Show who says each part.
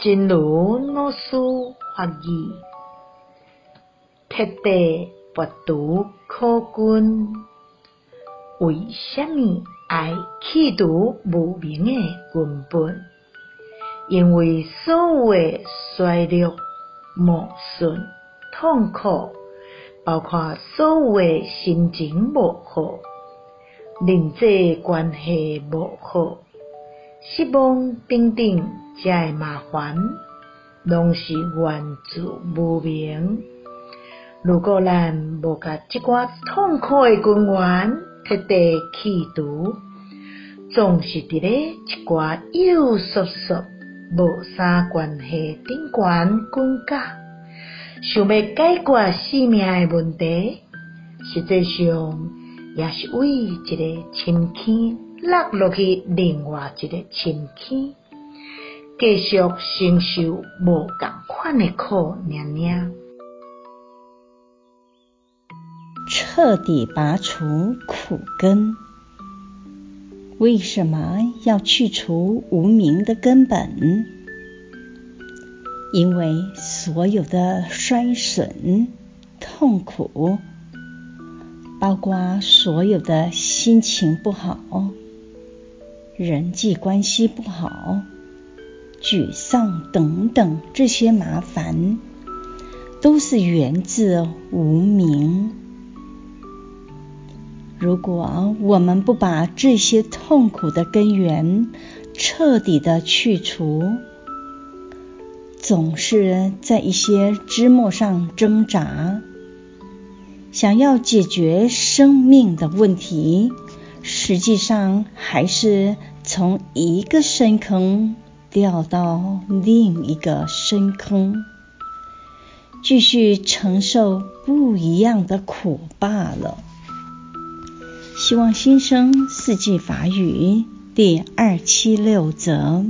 Speaker 1: 真如老師法語，徹底拔除苦根，為蝦米要去除無明誒根本？因為所有衰落、磨損、痛苦，包括所有誒心情無好，人際關係無好，失望彼彼彼、冰冷。遮誒麻煩，攏是源自無明。如果咱無甲即寡痛苦誒根源徹底去除，總是佇咧即寡幼疏疏無三關係頂關關格。想要解決生命誒問題，實際上也是為一個深坑落落去另外一個深坑。繼續承受無同款的苦，娘娘。
Speaker 2: 徹底拔除苦根。為什麼要去除無明的根本？因為所有的衰損、痛苦，包括所有的心情不好、人際關係不好。沮喪等等這些麻煩，都是源自無明。如果我們不把這些痛苦的根源徹底的去除，總是在一些枝末上掙扎，想要解決生命的問題，實際上還是從一個深坑。掉到另一個深坑，繼續承受不一樣的苦罷了。希望新生四季法語第二七六則。